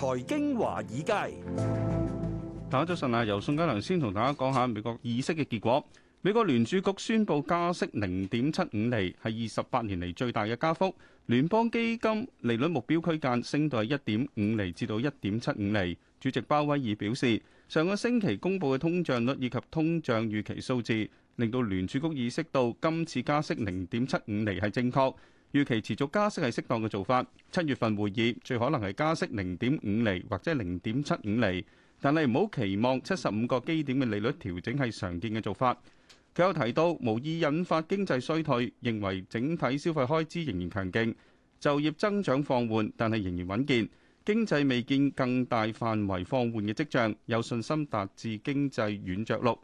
財經華爾街，大家早晨啊！由宋嘉良先同大家講下美國議息嘅結果。美國聯儲局宣佈加息零點七五厘，係二十八年嚟最大嘅加幅。聯邦基金利率目標區間升到係一點五厘至到一點七五厘。主席鮑威爾表示，上個星期公佈嘅通脹率以及通脹預期數字，令到聯儲局意識到今次加息零點七五厘係正確。預期持續加息係適當嘅做法。七月份會議最可能係加息零點五厘或者零點七五厘，但係唔好期望七十五個基點嘅利率調整係常見嘅做法。佢又提到無意引發經濟衰退，認為整體消費開支仍然強勁，就業增長放緩，但係仍然穩健，經濟未見更大範圍放緩嘅跡象，有信心達至經濟軟著陸。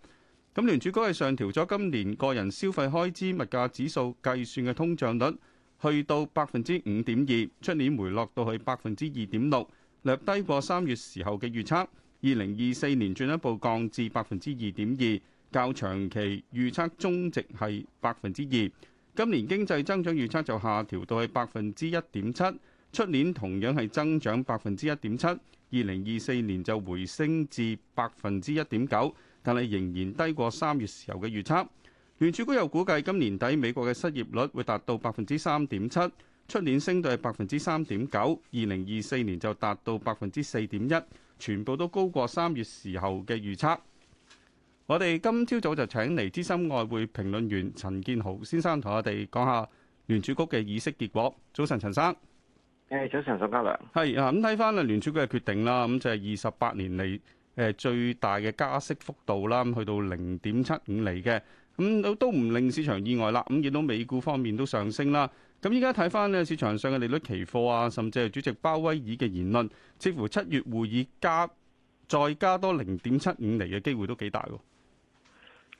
咁聯儲局係上調咗今年個人消費開支物價指數計算嘅通脹率。去到百分之五點二，出年回落到去百分之二點六，略低過三月時候嘅預測，二零二四年進一步降至百分之二點二，較長期預測中值係百分之二。今年經濟增長預測就下調到去百分之一點七，出年同樣係增長百分之一點七，二零二四年就回升至百分之一點九，但係仍然低過三月時候嘅預測。聯儲局又估計，今年底美國嘅失業率會達到百分之三點七，出年升到係百分之三點九，二零二四年就達到百分之四點一，全部都高過三月時候嘅預測。我哋今朝早就請嚟資深外匯評論員陳建豪先生同我哋講下聯儲局嘅議息結果。早晨，陳生。誒，早晨，宋家良。係啊，咁睇翻啊，聯儲局嘅決定啦，咁就係二十八年嚟誒最大嘅加息幅度啦，去到零點七五釐嘅。咁都都唔令市場意外啦，咁見到美股方面都上升啦。咁依家睇翻呢，市場上嘅利率期貨啊，甚至係主席鮑威爾嘅言論，似乎七月會議加再加多零點七五厘嘅機會都幾大喎。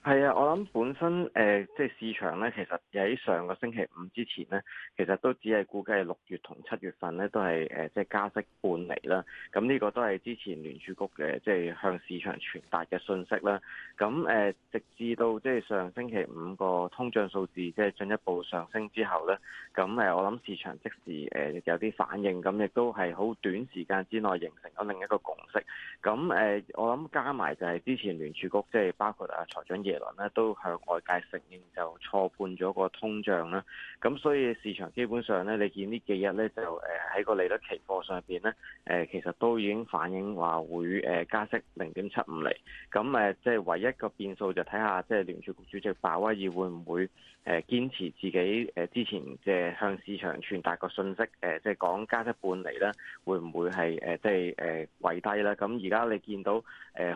係啊，我諗本身誒、呃，即係市場咧，其實喺上個星期五之前咧，其實都只係估計六月同七月份咧都係誒、呃，即係加息半釐啦。咁呢個都係之前聯儲局嘅，即係向市場傳達嘅信息啦。咁誒、呃，直至到即係上星期五個通脹數字即係進一步上升之後咧，咁誒、呃，我諗市場即時誒、呃、有啲反應，咁亦都係好短時間之內形成咗另一個共識。咁誒、呃，我諗加埋就係之前聯儲局即係包括啊財長咧都向外界承認就錯判咗個通脹啦，咁所以市場基本上呢，你見呢幾日呢，就誒喺個利率期貨上邊呢，誒其實都已經反映話會誒加息零點七五厘咁誒，即係唯一個變數就睇下，即係聯儲局主席鮑威爾會唔會誒堅持自己誒之前即係向市場傳達個信息誒即係講加息半厘咧，會唔會係誒即係誒為低啦，咁而家你見到誒佢、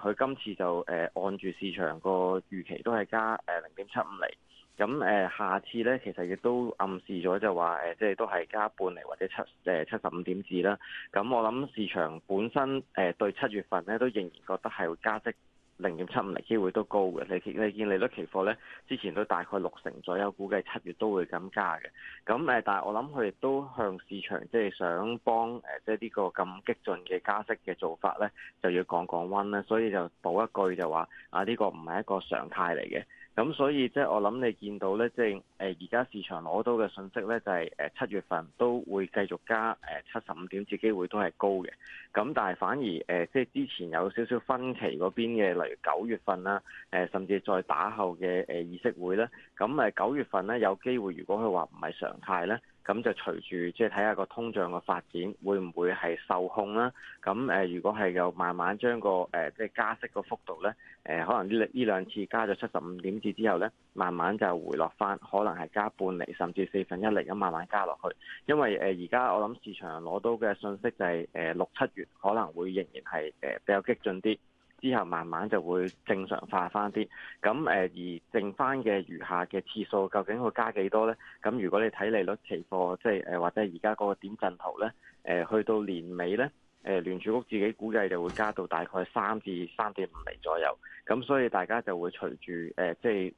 呃、今次就誒按住市場個。預期都係加誒零點七五厘，咁誒、呃、下次咧，其實亦都暗示咗就話誒、呃，即係都係加半厘或者七誒七十五點子啦。咁我諗市場本身誒、呃、對七月份咧都仍然覺得係會加息。零點七五釐機會都高嘅，你見你見利率期貨咧，之前都大概六成左右，估計七月都會咁加嘅。咁誒，但係我諗佢亦都向市場即係想幫誒，即係呢個咁激進嘅加息嘅做法咧，就要降降溫啦。所以就補一句就話啊，呢個唔係一個常態嚟嘅。咁所以即係、就是、我諗你見到咧，即係誒而家市場攞到嘅信息咧，就係誒七月份都會繼續加誒七十五點，至機會都係高嘅。咁但係反而誒，即、就、係、是、之前有少少分歧嗰邊嘅，例如九月份啦，誒甚至再打後嘅誒議息會咧，咁誒九月份咧有機會，如果佢話唔係常態咧。咁就隨住即係睇下個通脹嘅發展，會唔會係受控啦？咁誒，如果係又慢慢將個誒即係加息個幅度咧，誒、呃、可能呢呢兩次加咗七十五點子之後咧，慢慢就回落翻，可能係加半厘甚至四分一厘咁慢慢加落去，因為誒而家我諗市場攞到嘅信息就係誒六七月可能會仍然係誒比較激進啲。之後慢慢就會正常化翻啲，咁誒、呃、而剩翻嘅餘下嘅次數，究竟會加幾多呢？咁如果你睇利率期貨，即係誒、呃、或者而家嗰個點陣圖呢、呃，去到年尾呢，誒、呃、聯儲局自己估計就會加到大概三至三點五厘左右，咁所以大家就會隨住誒、呃、即係。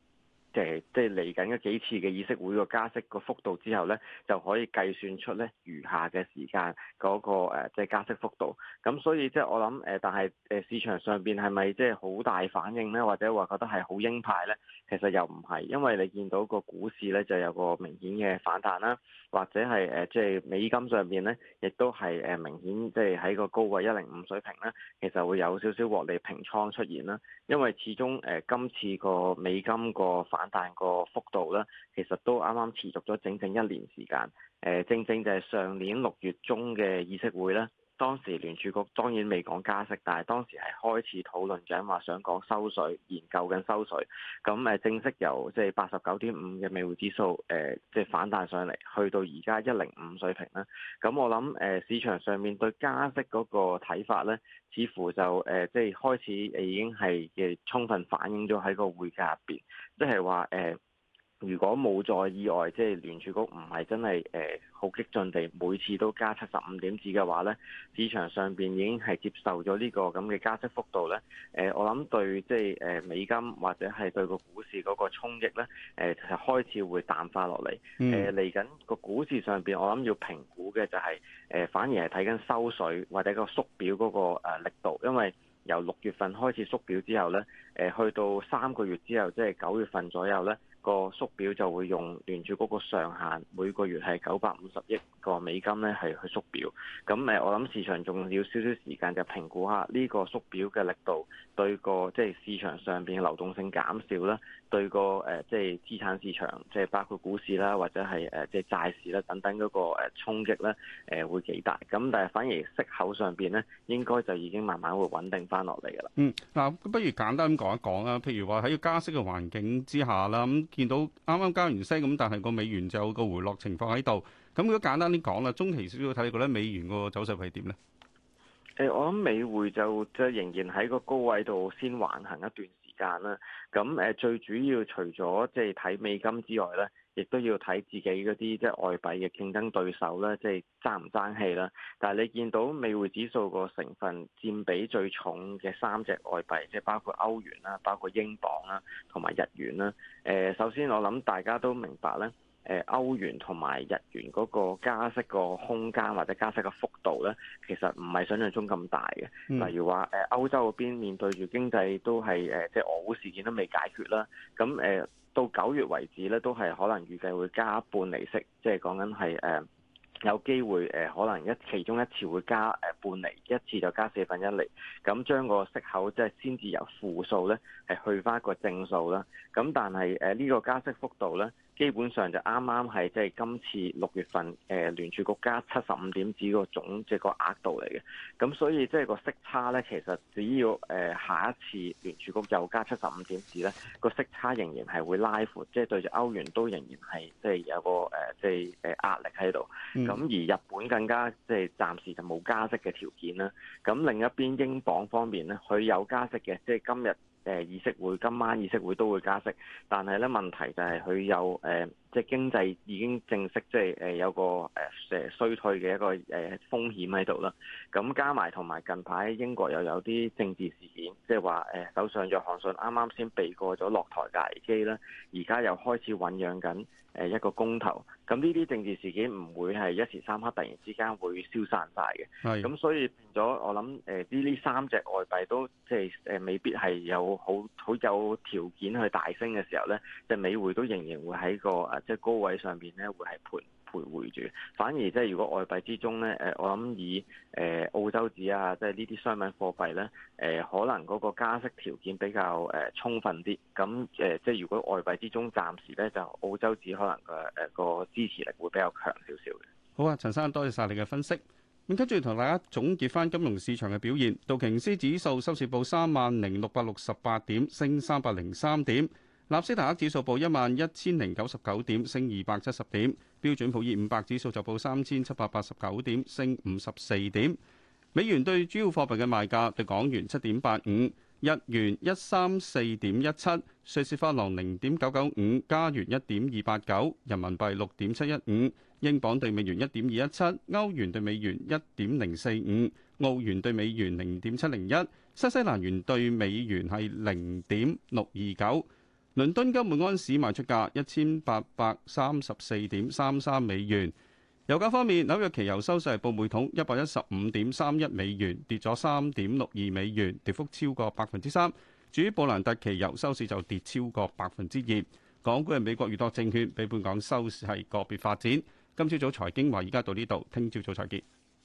即係嚟緊嘅幾次嘅議息會個加息個幅度之後呢，就可以計算出呢餘下嘅時間嗰、那個、呃、即係加息幅度。咁所以即係我諗誒、呃，但係誒、呃、市場上邊係咪即係好大反應呢？或者話覺得係好鷹派呢？其實又唔係，因為你見到個股市呢就有個明顯嘅反彈啦，或者係誒、呃、即係美金上邊呢亦都係誒明顯即係喺個高位一零五水平呢，其實會有少少獲利平倉出現啦。因為始終誒、呃、今次個美金個反但個幅度咧，其實都啱啱持續咗整整一年時間。誒、呃，正正就係上年六月中嘅議息會咧。當時聯儲局當然未講加息，但係當時係開始討論緊話想講收水，研究緊收水。咁誒正式由即係八十九點五嘅美匯指數誒，即、呃、係、就是、反彈上嚟，去到而家一零五水平啦。咁我諗誒市場上面對加息嗰個睇法呢似乎就誒即係開始已經係嘅充分反映咗喺個匯價入邊，即係話誒。呃如果冇再意外，即係聯儲局唔係真係誒好激進地每次都加七十五點子嘅話咧，市場上邊已經係接受咗呢個咁嘅加息幅度咧。誒、呃，我諗對即係誒、呃、美金或者係對個股市嗰個衝擊咧，誒、呃、開始會淡化落嚟。誒嚟緊個股市上邊，我諗要評估嘅就係、是、誒、呃、反而係睇緊收水或者個縮表嗰個誒力度，因為由六月份開始縮表之後咧，誒、呃、去到三個月之後即係九月份左右咧。個縮表就會用聯儲嗰個上限，每個月係九百五十億個美金咧，係去縮表。咁誒，我諗市場仲要少少時間就評估下呢個縮表嘅力度對個即係、就是、市場上邊流動性減少啦。對個誒，即係資產市場，即係包括股市啦，或者係誒，即係債市啦，等等嗰、那個誒衝擊咧，誒會幾大？咁但係反而息口上邊咧，應該就已經慢慢會穩定翻落嚟噶啦。嗯，嗱，不如簡單咁講一講啦。譬如話喺個加息嘅環境之下啦，咁見到啱啱加完息，咁但係個美元就有個回落情況喺度。咁如果簡單啲講啦，中期少少睇過咧，美元個走勢係點咧？誒，我諗美匯就即係仍然喺個高位度先橫行一段間啦，咁誒，最主要除咗即係睇美金之外咧，亦都要睇自己嗰啲即係外幣嘅競爭對手咧，即係爭唔爭氣啦。但係你見到美匯指數個成分佔比最重嘅三隻外幣，即係包括歐元啦、包括英鎊啦、同埋日元啦。誒、呃，首先我諗大家都明白咧。誒歐元同埋日元嗰個加息個空間或者加息嘅幅度咧，其實唔係想像中咁大嘅。嗯、例如話誒歐洲嗰邊面，面對住經濟都係誒、呃，即係俄烏事件都未解決啦。咁誒、呃、到九月為止咧，都係可能預計會加半厘息，即係講緊係誒有機會誒可能一其中一次會加誒半厘，一次就加四分一厘。咁將個息口即係先至由負數咧係去返一個正數啦。咁但係誒呢個加息幅度咧，基本上就啱啱係即係今次六月份誒聯儲局加七十五點子個總即係、就是、個額度嚟嘅，咁所以即係個息差咧，其實只要誒、呃、下一次聯儲局又加七十五點子咧，個息差仍然係會拉闊，即、就、係、是、對住歐元都仍然係即係有個誒即係誒壓力喺度。咁、嗯、而日本更加即係暫時就冇加息嘅條件啦。咁另一邊英鎊方面咧，佢有加息嘅，即係、就是、今日。誒、呃、議息會今晚議息會都會加息，但係咧問題就係佢有誒、呃，即係經濟已經正式即係誒、呃、有個誒誒、呃、衰退嘅一個誒、呃、風險喺度啦。咁加埋同埋近排英國又有啲政治事件，即係話，誒首相約翰遜啱啱先避過咗落台嘅危機啦，而家又開始醖釀緊。誒一個公投，咁呢啲政治事件唔會係一時三刻突然之間會消散晒嘅，係咁是所以變咗我諗誒呢啲三隻外幣都即係誒、呃、未必係有好好有條件去大升嘅時候咧，即係美匯都仍然會喺個誒即係高位上邊咧會係盤，徘徊住，反而即係如果外幣之中咧，誒我諗以誒澳洲紙啊，即係呢啲商品貨幣咧，誒可能嗰個加息條件比較誒充分啲，咁誒即係如果外幣之中暫時咧，就澳洲紙可能誒誒個支持力會比較強少少嘅。好啊，陳生，多謝晒你嘅分析。咁跟住同大家總結翻金融市場嘅表現，道瓊斯指數收市報三萬零六百六十八點，升三百零三點。納斯達克指數報一萬一千零九十九點，升二百七十點。標準普爾五百指數就報三千七百八十九點，升五十四點。美元對主要貨幣嘅賣價：對港元七點八五，日元一三四點一七，瑞士法郎零點九九五，加元一點二八九，人民幣六點七一五，英鎊對美元一點二一七，歐元對美元一點零四五，澳元對美元零點七零一，新西蘭元對美元係零點六二九。倫敦金每安士賣出價一千八百三十四點三三美元。油價方面，紐約期油收市報每桶一百一十五點三一美元，跌咗三點六二美元，跌幅超過百分之三。至於布蘭特期油收市就跌超過百分之二。港股係美國裕達證券比本港收市係個別發展。今朝早財經話而家到呢度，聽朝早再見。